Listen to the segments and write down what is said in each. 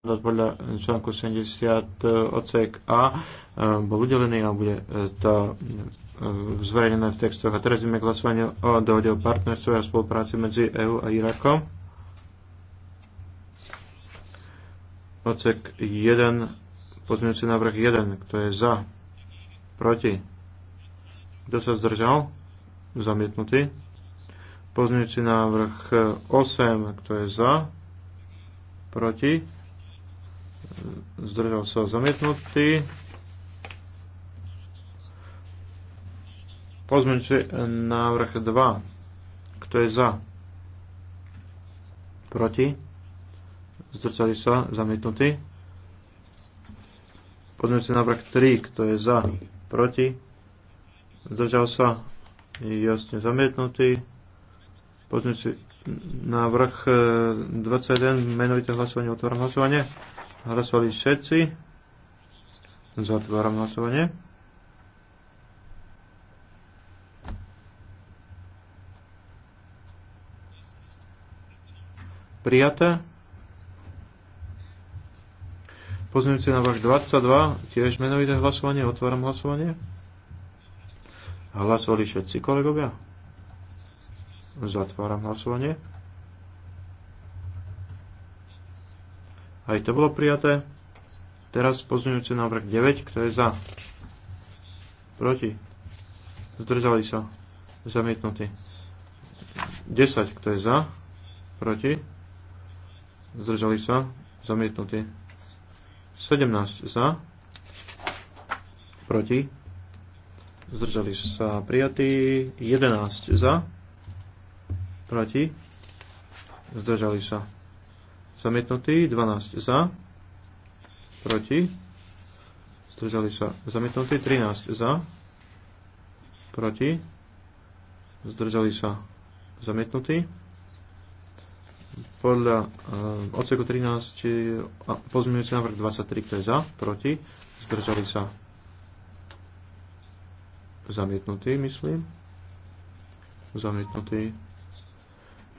podľa článku 70 e, odsek A e, bol udelený a bude e, to zverejnené v textoch. A teraz ideme k hlasovaniu o dohode o partnerstve a spolupráci medzi EÚ a Irakom. Odsek 1, pozmeňujúci návrh 1, kto je za, proti, kto sa zdržal, zamietnutý. Pozmeňujúci návrh 8, kto je za, proti, zdržal sa zamietnutý. Pozmeňte návrh 2. Kto je za? Proti? Zdržali sa zamietnutý. Pozmeňte návrh 3. Kto je za? Proti? Zdržal sa jasne zamietnutý. Pozmeňte návrh 21. Menovité hlasovanie. Otváram hlasovanie. Hlasovali všetci. Zatváram hlasovanie. Prijaté. na váš 22, tiež menovité hlasovanie, otváram hlasovanie. Hlasovali všetci kolegovia. Zatváram hlasovanie. Aj to bolo prijaté. Teraz pozmeňujúci návrh 9. Kto je za? Proti? Zdržali sa? zamietnutí. 10. Kto je za? Proti? Zdržali sa? zamietnutí. 17. Za? Proti? Zdržali sa prijatí. 11. Za? Proti? Zdržali sa zamietnutý, 12 za, proti, zdržali sa zamietnutý, 13 za, proti, zdržali sa zamietnutý. Podľa eh, odseku 13 eh, a pozmeňujúci návrh 23, kto je za, proti, zdržali sa zamietnutý, myslím. Zamietnutý.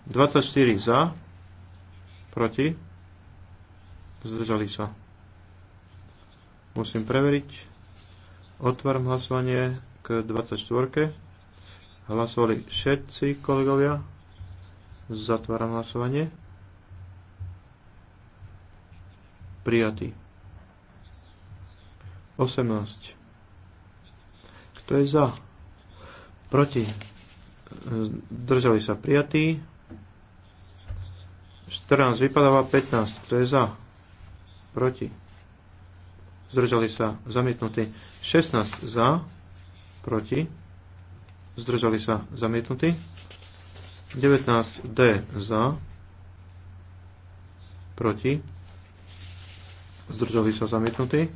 24 za, Proti? Zdržali sa. Musím preveriť. Otváram hlasovanie k 24. Hlasovali všetci kolegovia. Zatváram hlasovanie. Prijatý. 18. Kto je za? Proti? Držali sa prijatí. 14 vypadáva 15. Kto je za? Proti. Zdržali sa. Zamietnutí. 16 za. Proti. Zdržali sa. Zamietnutí. 19 D za. Proti. Zdržali sa. Zamietnutí.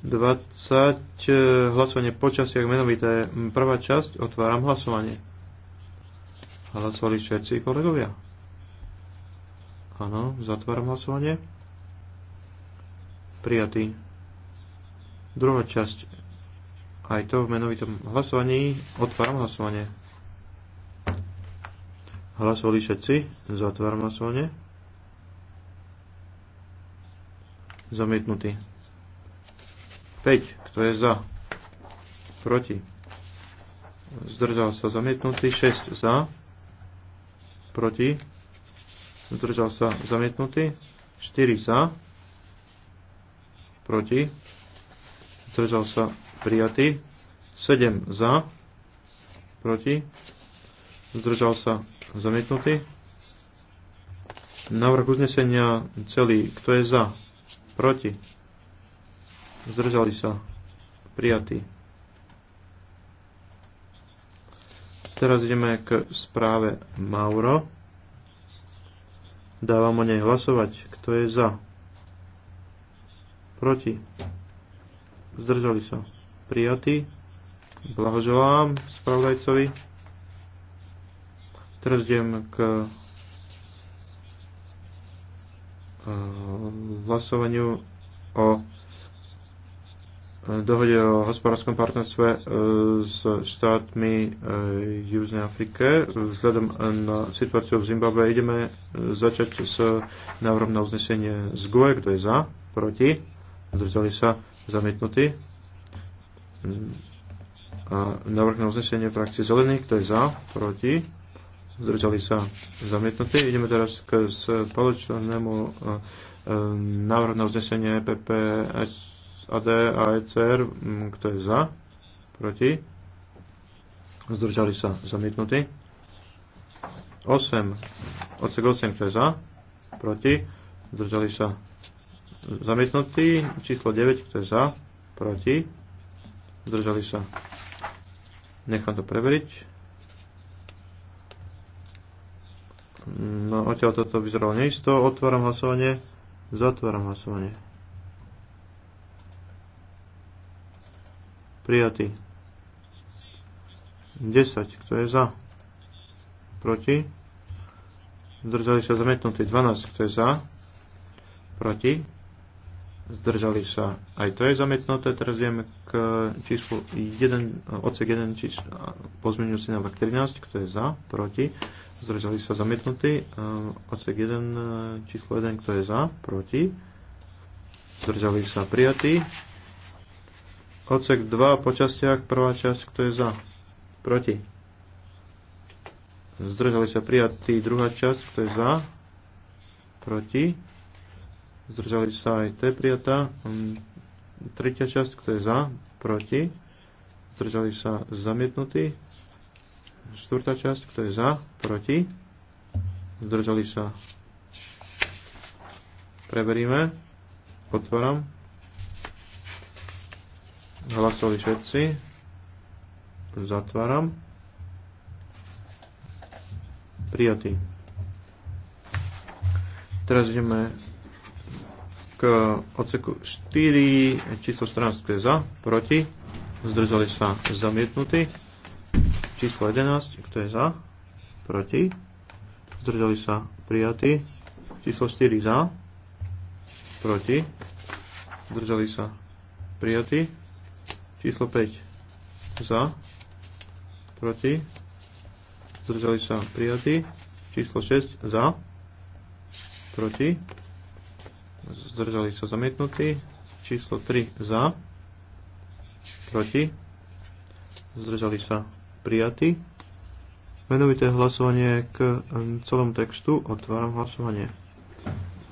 20 e, hlasovanie počasie, ak menovité. Prvá časť. Otváram hlasovanie. Hlasovali všetci kolegovia. Áno, zatváram hlasovanie. Prijatý. Druhá časť. Aj to v menovitom hlasovaní. Otváram hlasovanie. Hlasovali všetci. Zatváram hlasovanie. Zamietnutý. 5. Kto je za? Proti. Zdržal sa zamietnutý. 6 za. Proti zdržal sa zamietnutý, 4 za, proti, zdržal sa prijatý, 7 za, proti, zdržal sa zamietnutý. Návrh uznesenia celý, kto je za, proti, zdržali sa prijatý. Teraz ideme k správe Mauro. Dávam o nej hlasovať. Kto je za? Proti? Zdržali sa. Prijatý. Blahoželám spravodajcovi. Teraz idem k eh, hlasovaniu o dohode o hospodárskom partnerstve e, s štátmi e, Južnej Afrike. Vzhľadom na situáciu v Zimbabwe ideme e, začať s návrhom na uznesenie z GUE, kto je za, proti, zdržali sa, zamietnutí. A návrh na uznesenie frakcie zelených, kto je za, proti, zdržali sa, zamietnutí. Ideme teraz k spoločnému návrhu na uznesenie PPS AD a ECR, mm, kto je za, proti, zdržali sa zamietnutí. 8, odsek 8, kto je za, proti, zdržali sa zamietnutí. Číslo 9, kto je za, proti, zdržali sa. Nechám to preveriť. No, odtiaľ toto vyzeralo neisto. Otváram hlasovanie. Zatváram hlasovanie. prijatý. 10, kto je za, proti, zdržali sa zametnutí 12, kto je za, proti, zdržali sa, aj to je zametnuté. teraz vieme k číslu 1, odsek 1, číslo, pozmeňujúci návrh 13, kto je za, proti, zdržali sa zametnutí. Ehm, odsek 1, číslo 1, kto je za, proti, zdržali sa prijatí, Odsek 2 po častiach, prvá časť, kto je za? Proti. Zdržali sa prijatí, druhá časť, kto je za? Proti. Zdržali sa aj T prijatá. Hm, tretia časť, kto je za? Proti. Zdržali sa zamietnutí. Štvrtá časť, kto je za? Proti. Zdržali sa. preberíme, Otváram. Hlasovali všetci. Zatváram. Prijatý. Teraz ideme k odseku 4, číslo 14 je za, proti, zdržali sa zamietnutí. Číslo 11, kto je za, proti, zdržali sa prijatí. Číslo 4 za, proti, zdržali sa prijatí. Číslo 5 za, proti, zdržali sa prijatí. Číslo 6 za, proti, zdržali sa zamietnutí. Číslo 3 za, proti, zdržali sa prijatí. Menovité hlasovanie k e, celom textu. Otváram hlasovanie.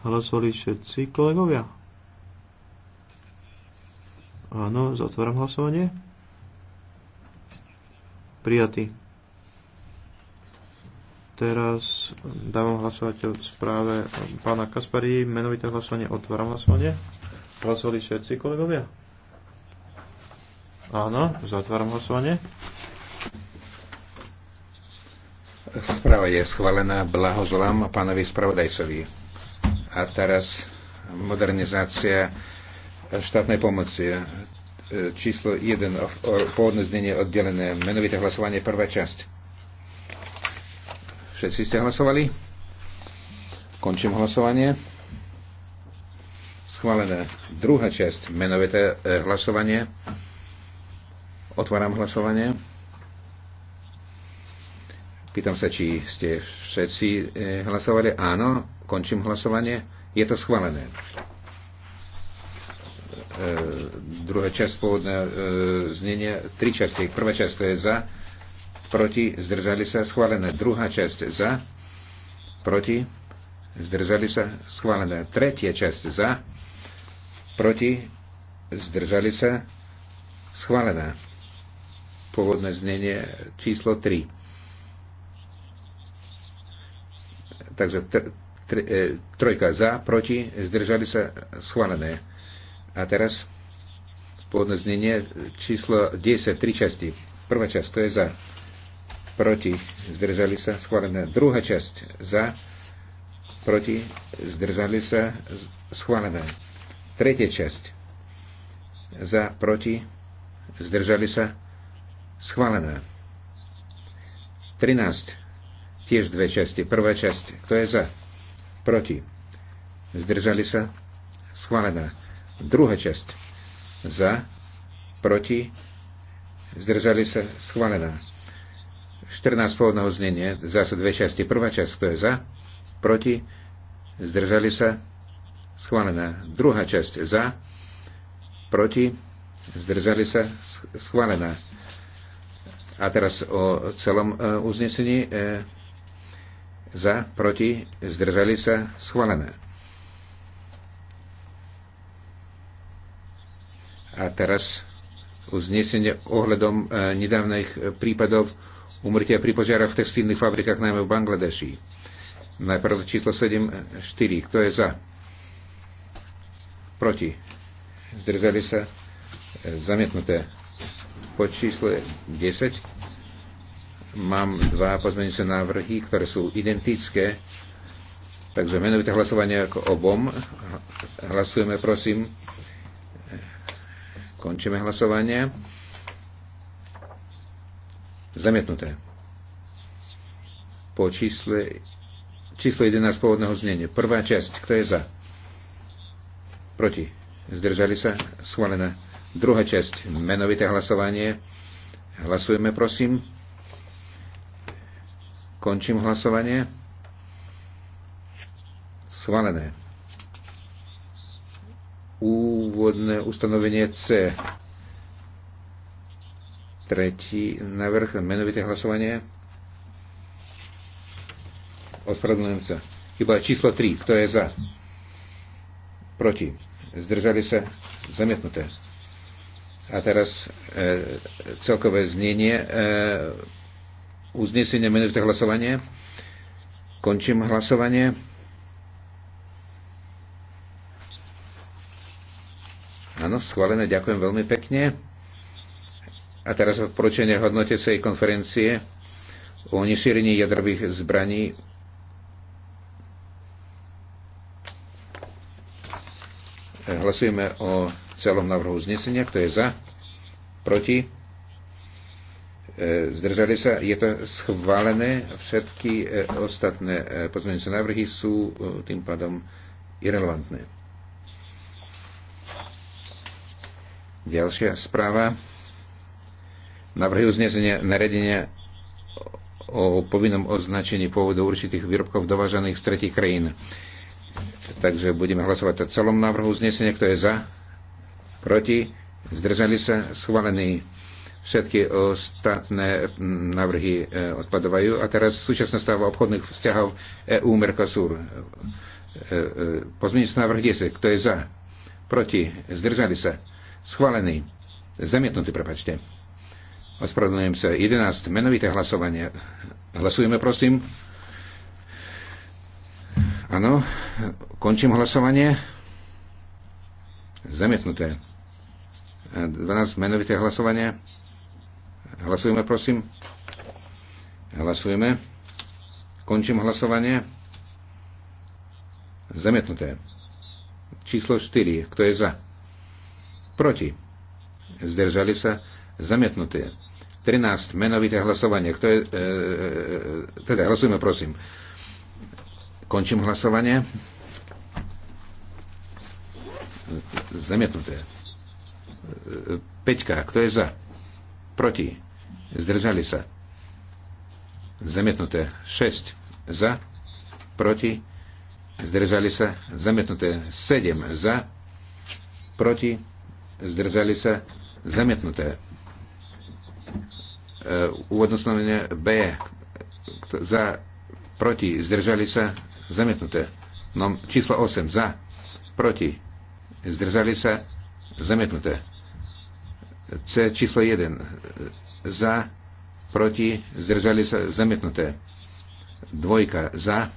Hlasovali všetci kolegovia. Áno, zatváram hlasovanie. Prijatý. Teraz dávam hlasovať o správe pána Kaspari. Menovité hlasovanie, otváram hlasovanie. Hlasovali všetci kolegovia? Áno, zatváram hlasovanie. Správa je schválená. blahozlám pánovi spravodajcovi. A teraz modernizácia štátnej pomoci. E, číslo 1, pôvodné znenie oddelené, menovité hlasovanie, prvá časť. Všetci ste hlasovali? Končím hlasovanie. Schválené. druhá časť, menovité e, hlasovanie. Otváram hlasovanie. Pýtam sa, či ste všetci e, hlasovali. Áno, končím hlasovanie. Je to schválené. E, druhá časť pôvodného e, znenia, tri časti. Prvá časť to je za, proti, zdržali sa, schválené. Druhá časť za, proti, zdržali sa, schválené. Tretia časť za, proti, zdržali sa, schválená. Pôvodné znenie číslo 3. Takže e, trojka za, proti, zdržali sa, schválené a teraz pôvodné znenie číslo 10, tri časti. Prvá časť, to je za, proti, zdržali sa, schválené. Druhá časť, za, proti, zdržali sa, schválené. Tretia časť, za, proti, zdržali sa, schválené. 13, tiež dve časti. Prvá časť, kto je za, proti, zdržali sa, schválená. Druhá časť. Za, proti, zdržali sa, schválená. 14 pôvodného znenia, zase dve časti. Prvá časť, kto je za, proti, zdržali sa, schválená. Druhá časť, za, proti, zdržali sa, schválená. A teraz o celom e, uznesení. E, za, proti, zdržali sa, schválené. A teraz uznesenie ohľadom e, nedávnych e, prípadov umrtia pri požiarach v textilných fabrikách, najmä v Bangladeši. Najprv číslo 7, 4. Kto je za? Proti. Zdržali sa e, zamietnuté. Po čísle 10 mám dva pozmeňujúce návrhy, ktoré sú identické. Takže menovité hlasovanie ako obom. Hlasujeme, prosím. Končíme hlasovanie. Zamietnuté. Po čísle, číslo 11 pôvodného znenia. Prvá časť. Kto je za? Proti. Zdržali sa? Schválená. Druhá časť. Menovité hlasovanie. Hlasujeme, prosím. Končím hlasovanie. Schválené úvodné ustanovenie C. Tretí návrh, menovité hlasovanie. Ospravedlňujem sa. Chyba číslo 3. Kto je za? Proti. Zdržali sa? Zamietnuté. A teraz e, celkové znenie e, uznesenia menovité hlasovanie. Končím hlasovanie. schválené. Ďakujem veľmi pekne. A teraz odporúčanie hodnotecej konferencie o nešírení jadrových zbraní Hlasujeme o celom návrhu znesenia. Kto je za? Proti? E, zdržali sa? Je to schválené? Všetky e, ostatné e, pozmeňujúce návrhy sú tým pádom irrelevantné. Ďalšia správa. Navrhy uznesenia naredenia o povinnom označení pôvodu určitých výrobkov dovážaných z tretich krajín. Takže budeme hlasovať o celom návrhu uznesenia. Kto je za? Proti? Zdržali sa? schválení. Všetky ostatné návrhy eh, odpadovajú. A teraz súčasná stava obchodných vzťahov EU-Mercosur. sa eh, eh, návrh 10. Kto je za? Proti? Zdržali sa? Schválený. Zamietnutý, prepačte. Ospravedlňujem sa. 11. Menovité hlasovanie. Hlasujeme, prosím. Áno. Končím hlasovanie. Zamietnuté. 12. Menovité hlasovanie. Hlasujeme, prosím. Hlasujeme. Končím hlasovanie. Zamietnuté. Číslo 4. Kto je za? proti, zdržali sa, zamietnuté. 13. Menovité hlasovanie. Kto je, e, e, e, teda hlasujme, prosím. Končím hlasovanie. Zamietnuté. 5. Kto je za? Proti. Zdržali sa. Zamietnuté. 6. Za. Proti. Zdržali sa. Zamietnuté. 7. Za. Proti zdržali sa, zamietnuté. Úvodné e, stanovenie B, za, proti, zdržali sa, zamietnuté. No, číslo 8, za, proti, zdržali sa, zamietnuté. C, číslo 1, za, proti, zdržali sa, zamietnuté. Dvojka, za,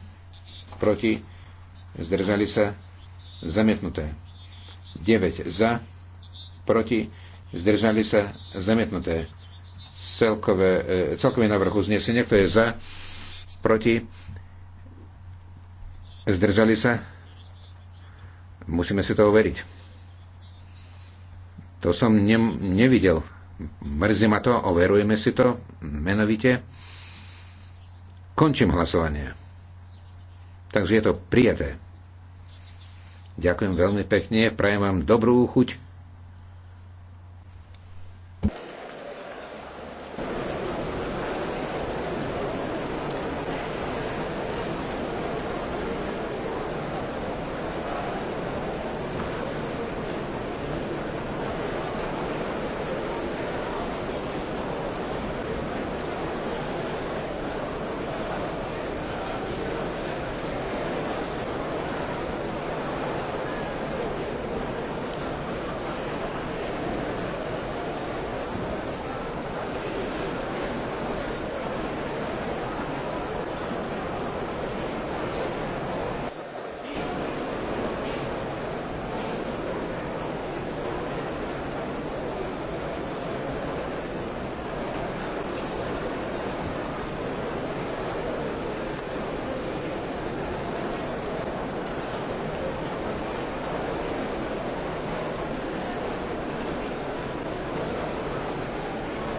proti, zdržali sa, zamietnuté. 9 za, proti, zdržali sa zamietnuté. Celkové, e, celkový návrh uznesenia, kto je za, proti, zdržali sa, musíme si to overiť. To som ne, nevidel. Mrzí ma to, overujeme si to, menovite. Končím hlasovanie. Takže je to prijaté. Ďakujem veľmi pekne, prajem vám dobrú chuť.